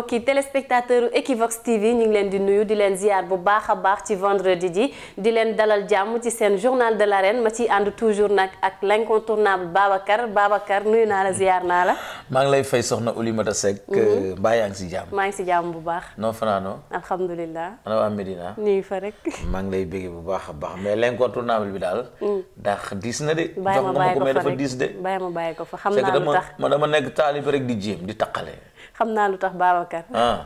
mbokki téléspectateur Equivox TV ñu ngi leen di nuyu di leen ziar bu baax a baax ci vendredi ji di leen dalal jàmm ci seen journal de l'arène ma ciy ànd toujours nag ak l'incontournable Babacar Babacar nuyu naa la ziar naa la. maa ngi lay fay soxna Oulimata Seck. Mhm. mbaa yaa ngi si jàmm. maa ngi si jàmm bu baax. non fanaanoo. alhamdulilah. ana waa Medina. nuyu fa rek. maa ngi lay bëgg bu baax a baax mais l'incontournable bi daal. Mm. ndax diis na de. bàyyi ma bàyyi ko fa rek jox nga ma ko mais dafa diis de. bàyyi ma bàyyi ko fa xam naa lu ma dama nekk taalibe rek di jéem di xam naa lu tax Babacar. ah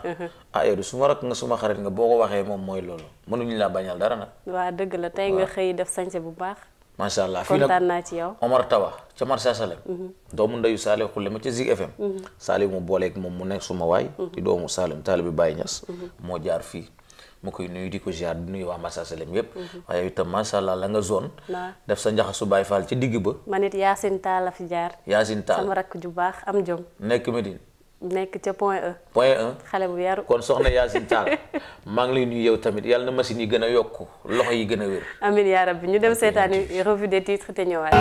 ah yow su ma rakk nga suma xarit nga boo ko waxee moom mooy loolu mënuñu laa bañal dara nag. waaw dëgg la tey nga xëy def sañse bu baax. macha allah fii nag kontaan naa ci yow. Omar Tawa ca marché mhm. doomu ndeyu Salih Khoule ma ca Zik FM. Mhm. mu booleeg moom mu nekk suma waay. Mhm. di doomu Salem taalibi Baye Niass. moo jaar fii. mu koy nuyu di ko ziar di nuyu waa Massa Salem yëpp. waaye itam macha allah la nga zone. def sa njaxasu Baye Fall ci digg ba. man it Yacine Tall la fi jaar. Yacine Tall sama rakk ju baax am jom. nekk Medine. nekk ca point E. point E xale bu yaru kon soxna Yacine Tall maa ngi nuy nuyu yow tamit yàlla na machine yi gën a yokku loxo yi gën a wér. amiin yaa rabbi ñu dem seetaani revue des titres te ñëwaat.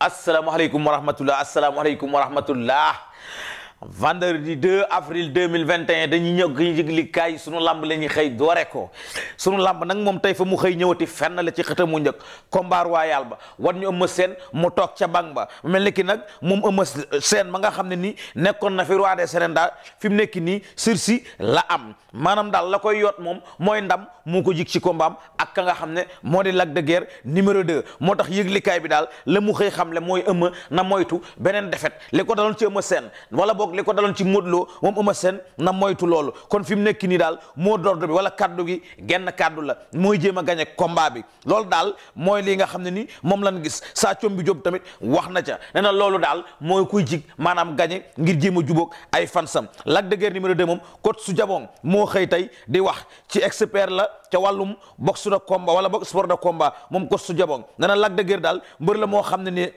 asalaamaaleykum wa rahmatulah asalaamaaleykum wa rahmatulah. vendredi 2 avril 2021 dañuy ñëw gi yëglikaay sunu lamb la ñuy xëy doore ko sunu lamb nag moom tey fa mu xëy ñëwati fenn la ci xëtam mu njëkk combat royal ba war ñu Eumeu Sène mu toog ca bang ba mel ni ki nag moom Eumeu seen ba nga xam ne nii nekkoon na fi roi des arènes daal fi mu nekk nii sursi la am maanaam daal la koy yoot moom mooy ndam mu ko jik ci kombaam ak ka nga xam ne moo di lag de Guiers numéro moo tax yëglikaay bi daal la mu xëy xam le mooy Eumeu na moytu beneen défaite li moog li ko daloon ci Modou Lo moom Eumeu Sène na moytu loolu kon fi mu nekk nii daal moo d'ordre bi wala kaddu gi genn kaddu la mooy jéem a gañe combat bi loolu daal mooy li nga xam ne ni moom lan gis saa com bi Jóob tamit wax na ca nee na loolu daal mooy kuy jig maanaam gañe ngir jéem a jubóog ay sam Lac de Guiers numéro 2 demoom coach su jabon moo xëy tey di wax ci expert la ca wàllum boxe de komba wala boxe sport de komba moom coach su jabon nee na Lac de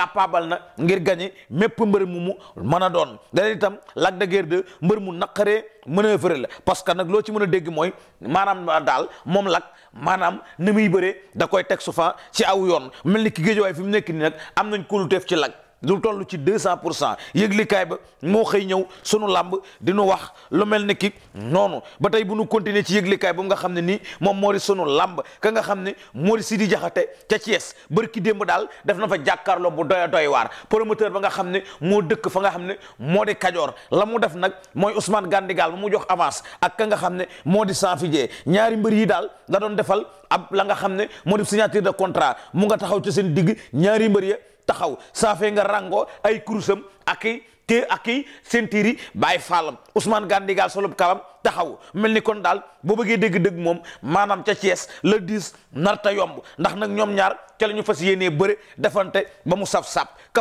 capable na ngir gagné mépp mbër mu mu mën a doon daleen itam Lac de Guiers mbër mu naqaree manœuvre la parce que nag loo ci mën a dégg mooy maanaam daal moom lag maanaam ni muy bëree da koy teg su fa ci aw yoon mel ni ki géej waaye fi mu nekk nii nag am nañ teef ci lag lu toll ci deux cent pour cent yëglikaay ba moo xëy ñëw sunu làmb di dinu wax lu mel ni ki noonu ba tey bu nu continuer ci yëglikaay ba nga xam ne nii moom moo di sunu làmb ka nga xam ne moo di Sidi Jaxate ca Thiès bërki démb daal def na fa jàkkaarloo bu doy doy waar promoteur ba nga xam ne moo dëkk fa nga xam ne moo di Kajoor la mu def nag mooy Ousmane Gandigal ba mu jox avance ak ka nga xam ne moo di Sanfidie ñaari mbër yi daal nga doon defal ab la nga xam ne moo di signature de contrat mu nga taxaw ci seen digg ñaari mbër ya taxaw saafee nga rango ay kurusam ak i te ak i sentir yi bàyyi faalam Ousmane Gandigal solub kalam taxaw mel ni kon daal boo bëggee dégg-dégg moom maanaam ca Thiès le 10 narta yomb ndax nag ñoom ñaar ca la ñu fas yéenee bëre defante ba mu saf-saf ka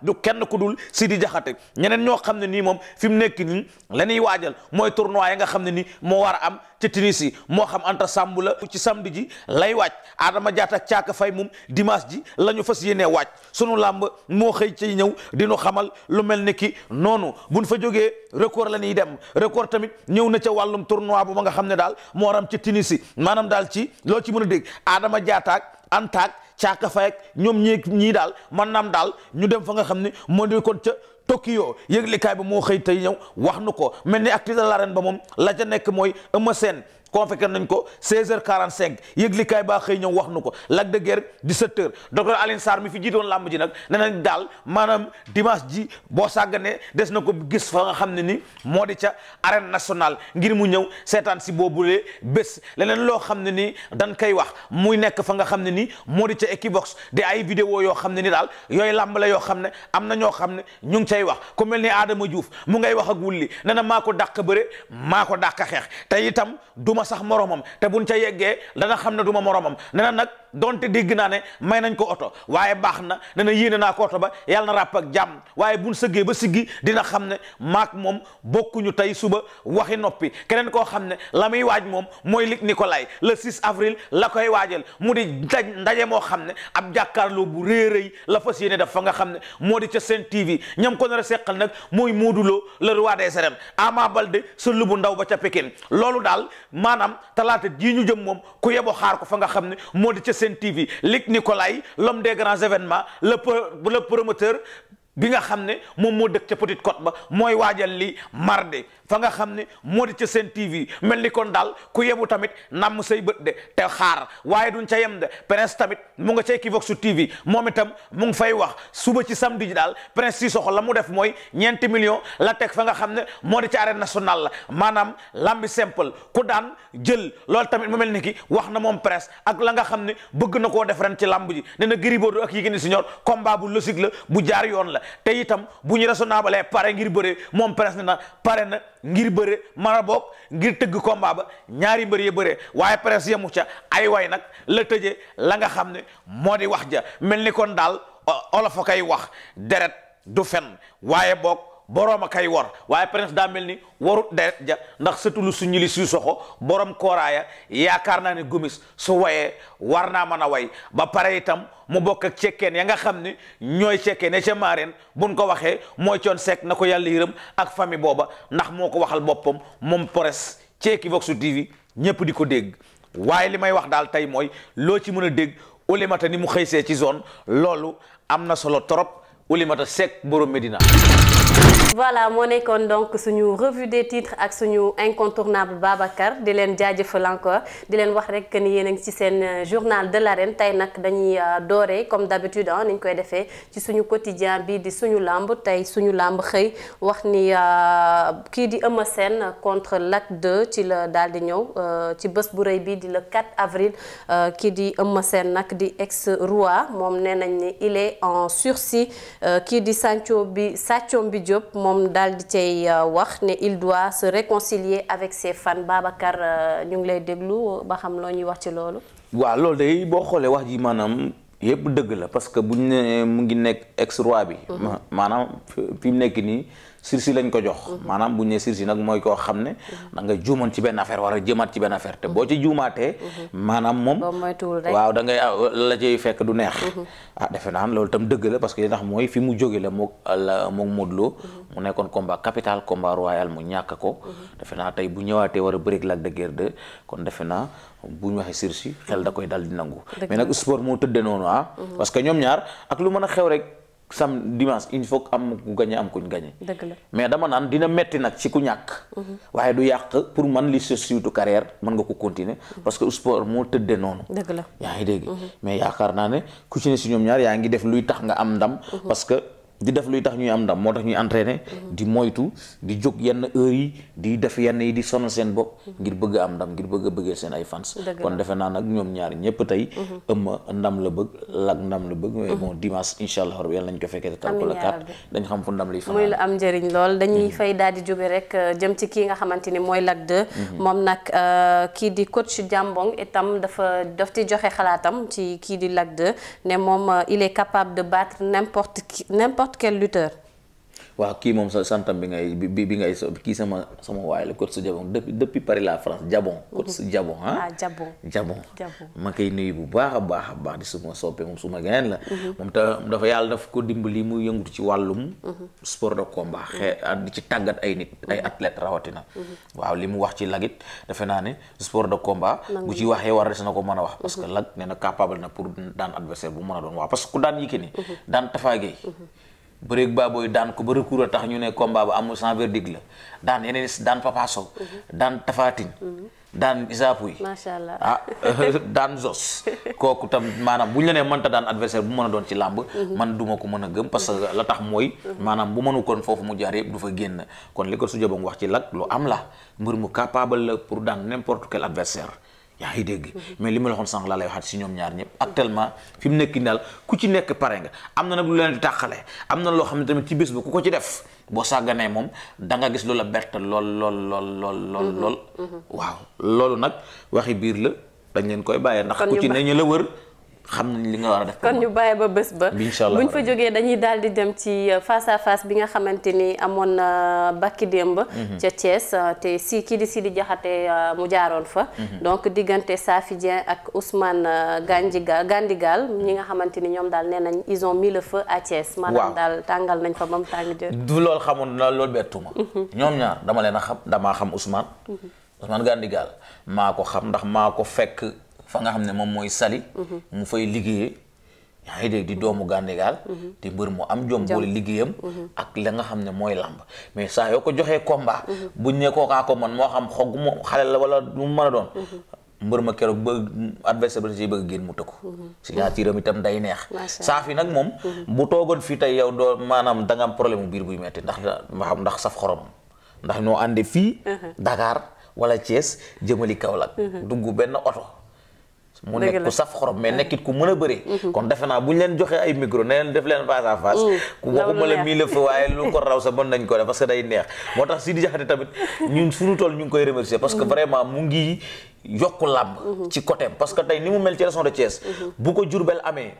du kenn ku dul si Sidi Jaxate ñeneen ñoo xam ne nii moom fi mu nekk nii la ñuy waajal mooy tournoi yi nga xam ne ni moo war a am ci Tunisie moo xam Anta Samb la ci samedi ji lay waaj Adama Diatta caaka fay moom dimanche ji la ñu fas yéenee waaj sunu làmb moo xëy ci ñëw dinu xamal lu mel ni ki noonu buñ fa jógee record la ñuy dem record tamit ñëw na ca wàllum tournoi bu ma nga xam ne daal moo ram ci Tunisie maanaam daal ci loo ci mën a dégg Adama Diatta antaak caaka fayek ñoom ñi ñii daal man naam daal ñu dem fa nga xam ne moo di kon ca Tokyo yëglikaay bi moo xëy tey ñëw wax nu ko mel ni actrice de l'arène ba moom la ca nekk mooy ama seen convoqué nañ ko 16h45 yëglikaay baa xëy ñëw wax nu ko Lac de Guiers 17h docteur Alioune Sarr mi fi jiitoon làmb ji nag nee nañ daal maanaam dimanche ji boo sàgganee des na ko gis fa nga xam ne ni moo di ca arène nationale ngir mu ñëw seetaan si boobulee bés leneen loo xam ne ni dañ koy wax muy nekk fa nga xam ne ni moo di ca Equivox di ay vidéo yoo xam ne ni daal yooyu làmb la yoo xam ne am na ñoo xam ne ñu ngi cay wax ku mel ni Adama Diouf mu ngay wax ak wulli nee na maa ko dàq bëre maa ko dàq xeex te itam duma duma sax moromam te buñ ca yeggee dana xam ne duma moromam nee na nag donte dégg naa ne may nañ ko oto waaye baax na ne na yéene naa ko oto ba yàlla na ràpp ak jàmm waaye buñ sëggee ba siggi dina xam ne maak moom bokkuñu tey suba waxi noppi keneen koo xam ne la muy waaj moom mooy lig Nicolas le 6 avril la koy waajal mu di daj ndaje moo xam ne ab jàkkaarloo bu rëy rëy la fas yéene def fa nga xam ne moo di ca seen TV ñam ko nar a seqal nag mooy Modou Lo le roi des arènes Ama Baldé sa lubu ndaw ba ca Pikine loolu maanaam talaata jii ñu Sen TV Luc Nicolaï l'homme des grands événements le le promoteur bi nga xam ne moom moo dëkk ca Petite Côte ba mooy waajal li mardi fa nga xam ne moo di ca seen TV mel ni kon daal ku yebu tamit namm say bët de te xaar waaye duñ ca yem de prince tamit mu nga ca Equivox su TV moom itam mu ngi fay wax suba ci samedi ji daal prince si soxla la mu def mooy ñeenti million la teg fa nga xam ne moo di ca arène nationale la maanaam lambi simple ku daan jël loolu tamit mu mel ni ki wax na moom prince ak la nga xam ne bëgg na koo def ren ci lamb ji nee na Gris Bordeaux ak Yékini Senior combat bu la bu jaar yoon la te itam bu ñu raisonnable pare ngir bëree moom prince ne na pare na ngir bëre mara boog ngir tëgg combat ba ñaari mbër ya waaye presse yemu ca ay way nag la tëjee la nga xam ne moo di wax ja mel ni kon daal olof a koy wax deret du fen waaye boog boroom a kay wor waaye prince daa mel ni warut deret ja ndax sëtulu su ñili suy soxo borom kooraaya yaakaar naa ne gomis su woyee war naa mën a way ba pare itam mu bokk ak cekkeen ya nga xam ne ñooy cekkeen ya ca maareen buñ ko waxee mooy coon seek na ko yàlla yërëm ak famille booba ndax moo ko waxal boppam moom presse ci su TV ñépp di ko dégg waaye li may wax daal tey mooy loo ci mën a dégg ulimata ni mu xëy see ci zone loolu am na solo trop ulimata seek borom Medina voilà moo nekkoon donc suñu revue des titres ak suñu incontournable Babacar di leen jaajëfal encore di leen wax rek ni yéen a ngi ci seen euh, journal de l'arène tey nag dañuy euh, doore comme d'habitude ah ni ñu koy defee ci suñu quotidien bi di suñu làmb tey suñu làmb xëy wax ni euh, kii di Eumeu seen contre Lac 2 ci la daal di ñëw ci bés bu rëy bi di le 4 avril kii di Eumeu Sène nag di ex roi moom nee nañ ni ile est en sursis kii di Sancho bi Saccombi Diop. moom daal di cay euh, wax ne il doit se réconcilier avec ses fans Babacar euh, ñu ngi lay déglu ba xam loo ñuy wax ci loolu. waaw loolu day boo xoolee wax ji maanaam yépp dëgg la parce que bu ñu nee mu ngi nekk ex roi bi. Mm-hmm. maanaam fi mu nekk nii. sursis lañ ko jox maanaam bu ñu nee sursis nag mooy koo xam ne da nga juumoon ci benn affaire wala jëmaat ci benn affaire te waaw da ngay ah, la ciy fekk du neex mhm. ah defe naa loolu tam dëgg la parce que li mooy fi mu jóge la moog la moog Modou Lo mhm. mu nekkoon combat capital combat royal mu ñàkk ko mhm. defe naa tey bu ñëwaatee war a bëreeg Lac de kon defe naa bu ñu waxee sursis xel da koy dal di nangu mais sport moo tëdde noonu ah parce ñoom ñaar ak lu mën a xew rek sam dimanche il faut am ku gagné am kuñ gagné. dëgg la mais dama naan dina metti nag ci ku ñàkk. Mhm. waaye du yàq pour man li sa surtout carrière mën nga ko continuer. Mhm. parce que sport moo tëddee noonu. dëgg la yaa ngi dégg. Mhm. mais yaakaar naa ne ku ci ne si ñoom ñaar yaa ngi def luy tax nga am ndam. parce que di def luy tax ñuy am ndam moo tax ñuy entraîner di moytu di jóg yenn heures yi di def yenn yi di sonal seen bopp ngir bëgg am ndam ngir bëgg a bëggee seen ay kon defe naa nag ñoom ñaar ñëpp tey mhm. ëmma ndam la bëgg lak ndam la bëgg mais bon mhm. dimanche incha allah rabi yàlla nañ ko fekkee tal ko la carte dañ xam fu ndam lay fanaan mhm. euh, ni mooy Lac 2 moom nag euh, kii di coach Jambong itam dafa daf ci joxe xalaatam ci kii di Lac 2 ne moom euh, il est capable de battre n'importe n'importe quel kii moom sa santam bi ngay bi bi ngay kii sama sama waay la coach Jabon depuis depuis Paris la France Jabon. coach Jabon ah. Jabon Jabon. ma koy nuyu bu baax a baax a baax di suma soppe moom suma gain la. moom tam dafa yàlla daf ko dimbali mu yëngutu ci wàllum. sport de combat xee di ci tàggat ay nit ay athlètes rawatina. waaw li mu wax ci lagit defe naa ne sport de combat. bu ci waxee war des na ko mën a wax. parce que lag nee na capable na pour daan adversaire a doon waaw parce que ku bëreeg baabooy daan ko ba recours a tax ñu ne combat ba amul sans verdict la daan yeneen daan Papa Sow mhm. daan Tafatine mhm. daan Isaapuy macha allah ah daan Zos kooku tam maanaam bu ñu la nee mënta daan adversaire bu mën a doon ci làmb mhm. man duma ko mën a gëm parce que la tax mooy maanaam bu mënu kon foofu mu jaar yëpp du fa génn kon li ko su jobam wax ci lak lu am la mbër mu capable la pour daan n'importe quel adversaire yaa ngi dégg mais li ma la waxoon sànq laa lay waxaat si ñoom ñaar ñëpp actuellement fi mu nekk nii daal ku ci nekk pare nga am na nag lu leen di tàqale am na loo xam ne tamit ci bés bu ku ko ci def boo sàgganee moom danga nga gis loola bett lool lool lool lool lool lool mm-hmm. Mm-hmm. waaw loolu nag waxi biir la dañ leen koy bàyyee ndax ku ci ne ñu la wër xam nañ li nga war a def. kon ñu bàyyi ba bés ba. incha allah buñ fa jógee dañuy daal di dem ci euh, face à face bi nga xamante ni amoon na euh, bakki démb. Mhm. ca Thiès euh, te si kii di di Diakhaté mu jaaroon fa. Mhm. donc diggante Safi Dieng ak Ousmane Gandiga Gandigal ñi nga xamante ni ñoom daal nee nañ ils ont mis le feu à daal tàngal nañ fa ba mu tàng jër. du loolu xamoon na loolu bettuma. Mhm. ñoom ñaar dama leen a xam dama xam Ousmane. Ousmane Gandigal maa ko xam ndax maa fa nga xam ne moom mooy Saly. Mhm. mu fay liggéeyee. yaa ngi dégg di doomu Gandigal mhm. di mbër mu am jom boole liggéeyam mhm. ak la nga xam ne mooy làmb mais saa yoo ko joxee komba bu ne kookaa man moo xam xoog mu xale la wala mu mën a doon mbër ma keroog bëgg adversaire ba si bëgg génn mu tëkku signature am itam day neex saaf yi nag moom bu toogoon fii tey yow doo maanaam da nga am problème biir buy metti ndax ndax saf xorom ndax ñoo ànde fii Dakar wala Thiès jëmali Kaolack dugg mu nekk ku saf xorom mais nekkit ku mën a bëree mhm. kon defe naa bu ñu leen joxee ay micro ne leen def leen face à face mhm. ku waxuma la mii la fa waaye lu ko raw sa mën nañ ko def parce que day neex moo tax Sidi Diakhaté tamit ñun suñu tool ñu ngi koy remercier parce que mhm. vraiment mu ngi yokku làmb ci côté parce que tey ni mu mel ci région de bu ko Diourbel amee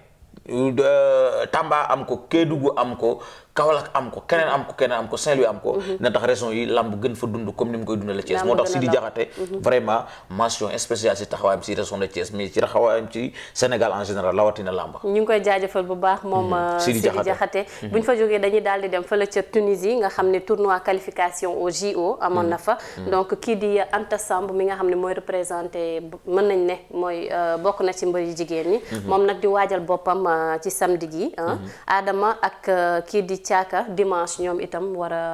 euh, Tamba am ko Kédougou am ko Kaolack am ko keneen am ko keneen am ko Saint-Louis am ko mhm. na tax région yi lamb gën fa dund comme ni mu koy dundale Thiès moo tax Sidi Diakhaté mhm. vraiment mention spéciale si taxawaayam si région de Thiès mais ci taxawaayam ci Sénégal en général rawatina lamb ñu ngi koy jaajëfal bu baax moom mhm. euh, Sidi Diakhaté bu ñu fa jógee dañuy daal di dem fële ca Tunisie nga xam ne tournoi qualification au JO amoon na fa donc kii di Anta Samb mi nga xam ne mooy représenté mën nañ ne mooy euh, bokk na ci mbëri jigéen ñi moom nag di waajal boppam euh, ci samedi gi Adama ak kii di caaka dimanche ñoom itam war a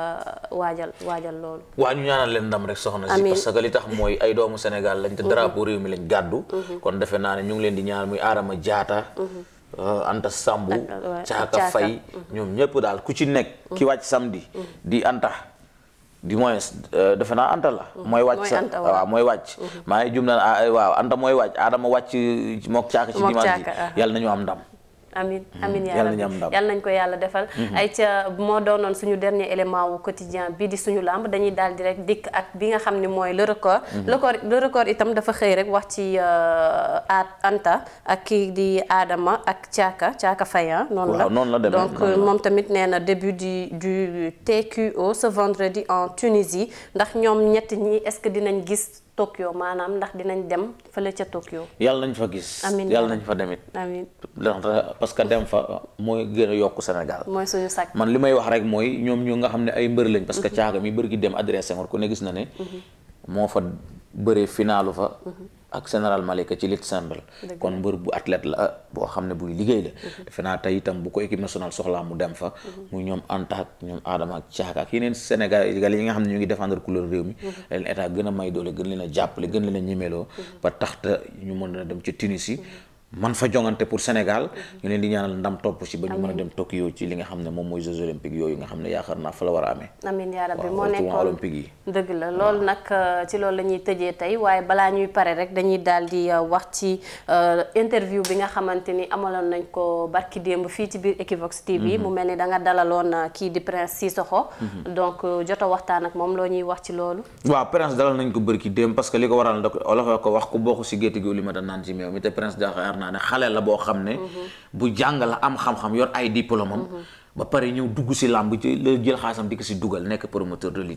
waajal waajal loolu. waa ñu ñaanal leen ndam rek soxna si. parce que li tax mooy ay doomu Sénégal lañ te mhm. drapeau réew mi lañ gàddu. Mhm. kon defe naa ne ñu ngi leen di ñaanal muy Adama Diatta. Mhm. Euh, Anta Samb. Euh, caaka fay ñoom ñëpp daal ku ci nekk. ki wàcc samedi. di Anta. di moins euh, defe naa Anta la. mooy wàcc sa waaw mooy wàcc. maa ngi jum na ah, waaw Anta mooy wàcc Adama wàcc mook caaka ci dimanche ji ah. yàlla nañu am ndam. amin mm-hmm. amin yaa rabbi yàlla nañ ko yàlla defal mm-hmm. ay ca moo doonoon suñu dernier élément wu quotidien bi di suñu lamb dañuy daal di rek dikk ak bi nga xam ni mooy le record mm-hmm. le record le record itam dafa xëy rek wax ci euh, a Anta ak kii di Adama ak Thiaka Thiaka Fayan ah, noonu la noonu la donc moom tamit nee na début du du TQO ce vendredi en Tunisie ndax ñoom ñett ñi est dinañ gis Tokyo maanaam ndax dinañ dem fële ca Tokyo. yàlla nañ fa gis. amiin yàlla nañ fa demit amiin parce que dem fa mooy gën a yokk Sénégal. mooy suñu sakk man li may wax rek mooy ñoom ñu nga xam ne ay mbër lañ. parce que mhm. caaga mi mbër gi dem adressé ngor ku ne gis na ne. Mhm. moo fa bëree finaalu fa. Mhm. ak général Malika ci lit simple kon mbër bu athlète la boo xam ne buy liggéey la mhm. defe naa tey itam bu ko équipe nationale soxlaa mu dem fa mhm. muy ñoom Anta ñoom Adama ak Thiaka ak yeneen Sénégal yi nga xam ne ñoo ngi défendre couleur réew mi mhm. leen état gën a may doole gën leen a jàppale gën leen a ñemeloo ba tax ñu mën a dem ci yi man fa jongante pour Sénégal mhm. ñu leen di ñaanal ndam topp si ba ñu mën a dem Tokyo ci li nga xam ne moom mooy Jeux olympiques yooyu nga xam ne yaakaar naa fa la war a amee. amiin yaa rabbi moo nekkoon euh, loolu la ñuy tëjee tey waaye balaa ñuy pare rek dañuy daal di euh, wax ci euh, interview bi nga xamante ni amaloon nañ ko barki démb fii ci biir Equivox TV. Mhm. mu mel ni da nga dalaloon kii di Prince Sissoko. Mhm. donc jot a waxtaan ak moom loo ñuy wax ci loolu. waaw Prince dalal nañ ko barki démb parce que li ko waral da ko olof ko wax ku bokk si gétt gi li ma da naan ci meew mi te Prince naa xale la boo xam ne mhm. bu jàngal am xam-xam yor ay diplôme ba pare ñëw dugg si làmb la jël xaasam di ko si dugal nekk promoteur de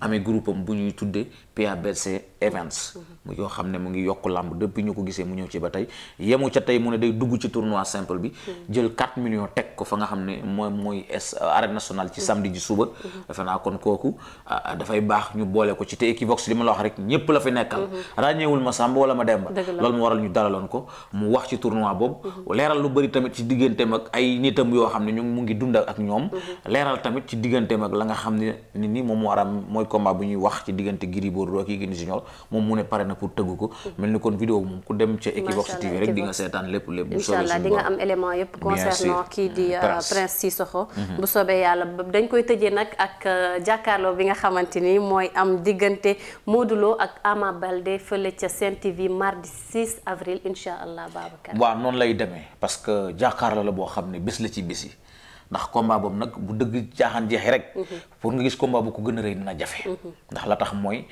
amee groupe bu ñuy tuddee PABC Events. Mhm. yoo xam ne mu ngi yokk làmb depuis ñu ko gisee mu ñëw ci ba tey yemu ca tey mu ne day dugg ci tournoi simple bi. Mhm. jël 4 millions teg ko fa nga xam ne mooy mooy es euh, arène ci mhm. samedi ji suba. defe naa kon kooku euh, dafay baax ñu boole ko ci te Equivox li ma la wax rek ñépp la fi nekkal. ràññeewul ma Samba wala ma Demba. loolu mu waral ñu dalaloon ko mu wax ci tournoi boobu. leeral lu bëri tamit ci yoo xam ne ñu mu ngi dund dund ak ñoom mhm. leeral tamit ci diggante ak la nga xam ne ni nii moom war a mooy combat bu ñuy wax ci diggante Gris Bordeaux ak Yékini Junior moom mu ne pare na pour tëgg ko mhm. mel ni kon vidéo moom ku dem ca Equivox TV rek di nga seetaan lépp lépp bu soobee incha allah di nga am kii di euh, Prince Sissoko mhm. bu soobee yàlla dañ koy tëjee nag ak euh, jàkkaarloo bi nga xamante ni mooy am diggante Modou ak Ama Baldé fële ca Sen TV mardi 6 avril incha allah Babacar waaw noonu lay demee parce que jàkkaarloo la boo xam ne bés la ci bés yi ndax combat boobu nag bu dëgg caaxaan jeexee rek. pour nga gis combat bu ko gën a rëy dina jafe. ndax la tax mooy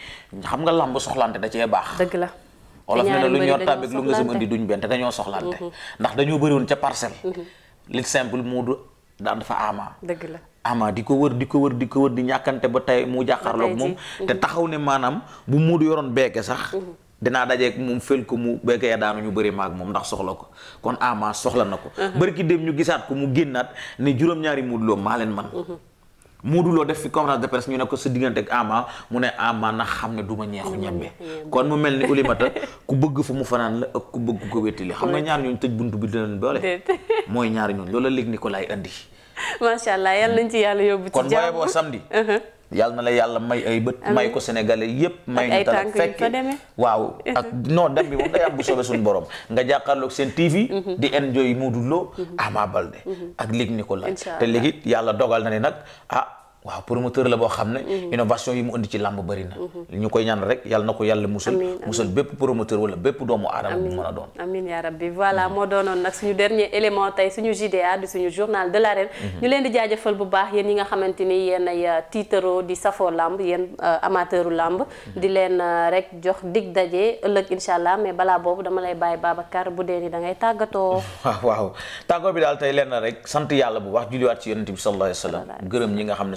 xam nga làmb soxlante da cee baax. dëgg la olof ne na lu ñor tàbbeeg lu nga sëmandi duñ benn te dañoo soxlante. Mhm. ndax dañoo bëri woon ca parcelle. Mhm. lit simple moo du daan dafa ama. dëgg la. ama di ko wër di ko wër di ko wër di ñàkkante ba tey mu jàkkaarloog moom te mhm. taxaw ne maanaam bu muudu yoroon beeke sax dinaa dajeeg moom fël ko mu béykee daanu ñu bëri maag moom ndax soxla ko kon ama soxla na ko. Uh-huh. bëri ki dem ñu gisaat ko mu génnaat ne juróom-ñaari Modou Lo maa leen man uh-huh. Modou def fi conférence de presse ñu ne ko sa diggante ak ama mu ne ama na xam ne du ma ñeexu ñebbe kon mu mel ni Oulimata ku bëgg fu mu fanaan la ak ku bëgg ko wettali xam nga ñaar ñooñu tëj bunt bi dinañ doole. mooy ñaari ñooñu loola léegi ni ko laay andi. macha allah yàlla na la yàlla may ay bët may ko sénégalais yépp may ñu tala fekk waaw ak non dem bi moom day am soobee suñu borom nga jàkkaarloog seen TV mhm. di enjoy Modou Lo mhm. Ama Baldé mhm. ak ko Nicolaï te léegi yàlla dogal na ne nag ah waaw promoteur la boo xam ne mhm. innovation yi mu indi ci làmb bëri na mhm. ñu koy ñaan rek yàlla na ko yàlla musal musal bépp promoteur wala bépp doomu aadama bu mën a doon amin moo doonoon nag suñu dernier élément tey suñu JDA di suñu journal de l'arène mhm. ñu leen di jaajëfal bu baax yéen yi nga xamante ni yéen ay euh, tiitaro di safoo làmb yéen euh, amateuru làmb di leen euh, rek jox dig daje ëllëg incha allah mais balaa boobu dama lay bàyyi Babacar bu dee ni da ngay tàggatoo waaw waaw tàggoo bi daal tey leen rek sant yàlla bu baax julliwaat ci yonent bi sallallahu alayhi gërëm ñi nga xam ne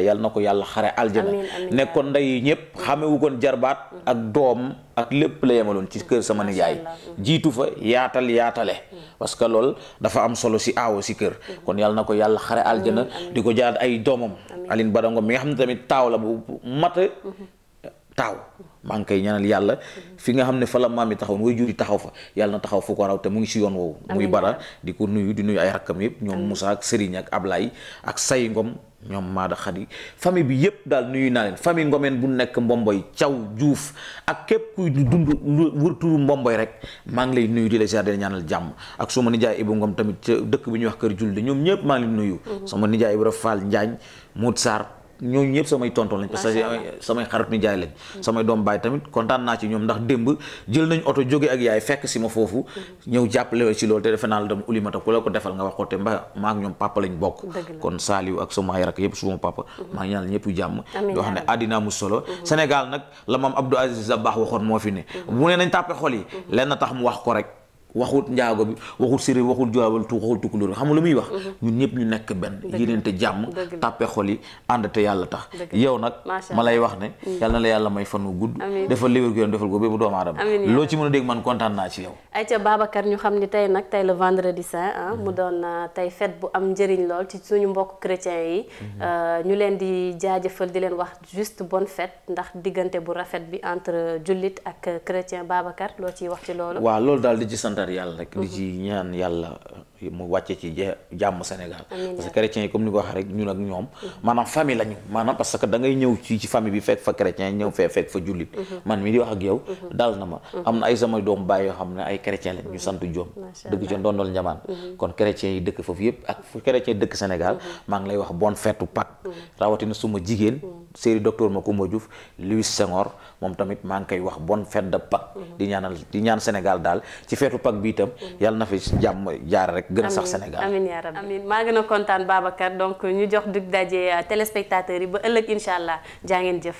Ndiaye yal na ko yàlla xare aljana nekkoon ndeyu ñëpp xamewu koon jarbaat mm-hmm. ak doom ak lépp la yemaloon ci kër sama nijaay mm-hmm. jiitu fa yaatal yaatale mm-hmm. parce que lool dafa am solo si aawo si kër kon yal na ko yàlla xare aljana di ko jaat ay doomam Aline Badangom mi nga xam ne tamit taaw la bu mat taaw maa ngi koy ñaanal yàlla fi nga xam ne fa la maam yi taxawoon way jur yi taxaw fa yàlla na taxaw fu ko raw te mu ngi si yoon woowu muy bara di ko nuyu di nuyu ay rakkam yëpp ñoom Moussa ak Serigne ak ak Say Ngom ñoom Maada Khady famille bi yëpp daal nuyu naa leen famille ngomeen bu nekk Mbomboy Thiaw Diouf ak képp kuy dund wër turu Mbomboy rek maa ngi lay nuyu di la jardin ñaanal jàmm ak suma nijaay Ibou Ngom tamit dëkk bi ñuy wax kër Julde ñoom ñëpp maa ngi nuyu sama nijaay Ibra Fall Njaañ Mout Sarr ñooñu ñëpp samay tonton lañ parce que samay xarit ni jaay lañ samay doom baay tamit kontaan naa ci ñoom ndax démb jël nañ oto jóge ak yaay fekk si ma foofu ñëw jàppale si loolu te defe naa la dem ulimata ku la ko defal nga waxoote mba maa ak ñoom papa lañ bokk kon saaliw ak sama ay rak yëpp suma papa mhm. maa ngi ñaanal ñëpp jàmm yoo xam ne àddina mu solo mhm. Sénégal nag la maam Abdou Aziz baax waxoon moo fi ne bu mhm. ne nañ tàppe xol yi lenn tax mu wax ko rek waxut njaago bi waxut séréer waxut joabal tu waxul tukkulóor xam nga lu muy wax mhm. ñun ñëpp ñu nekk benn yéneente jàmm tàppe xol yi ànd te yàlla tax yow nag ma lay wax ne mm. yàlla la yàlla may fan wu gudd defal liwér ko yoon defal ko bépp doomu aadama loo ci mën a dégg man kontaan naa ci yow ay ca Babacar ñu xam ni tey nag tey le vendredi saint ah mu mm-hmm. doon euh, tey fête bu am njëriñ lool ci suñu mbokk chrétien yi mm-hmm. euh, ñu leen di jaajëfal di leen wax juste bon fête ndax diggante bu rafet bi entre jullit ak chrétien Babacar loo ciy wax ci loolu waaw loolu daal di ci naqar yàlla rek. Mm-hmm. di ci ñaan yàlla mu wàcce ci jàmm Sénégal parce que chrétiens yi comme ni ko waxee rek ñun ak ñoom mhm. maanaam famille lañu maanaam parce que da ngay ñëw ci ci famille bi fekk fa chrétien ñëw fee fekk fa jullit mhm. man mi di wax ak yow mhm. daal na ma am na ay sama doom bàyyi yoo xam ne ay chrétien lañ ñu sant joom dëkk ci ndondol njamaan kon chrétiens yi dëkk foofu yëpp ak fu dëkk Sénégal maa ngi lay wax bonne fête Pâques rawatina suma jigéen série docteur Macoumba Diouf Louis Senghor moom tamit gën a sax Sénégal amiin yaa maa gën a kontaan baabakat donc ñu jox dig daje euh, téléspectateurs yi ba ëllëg incha allah jaa ngeen jëf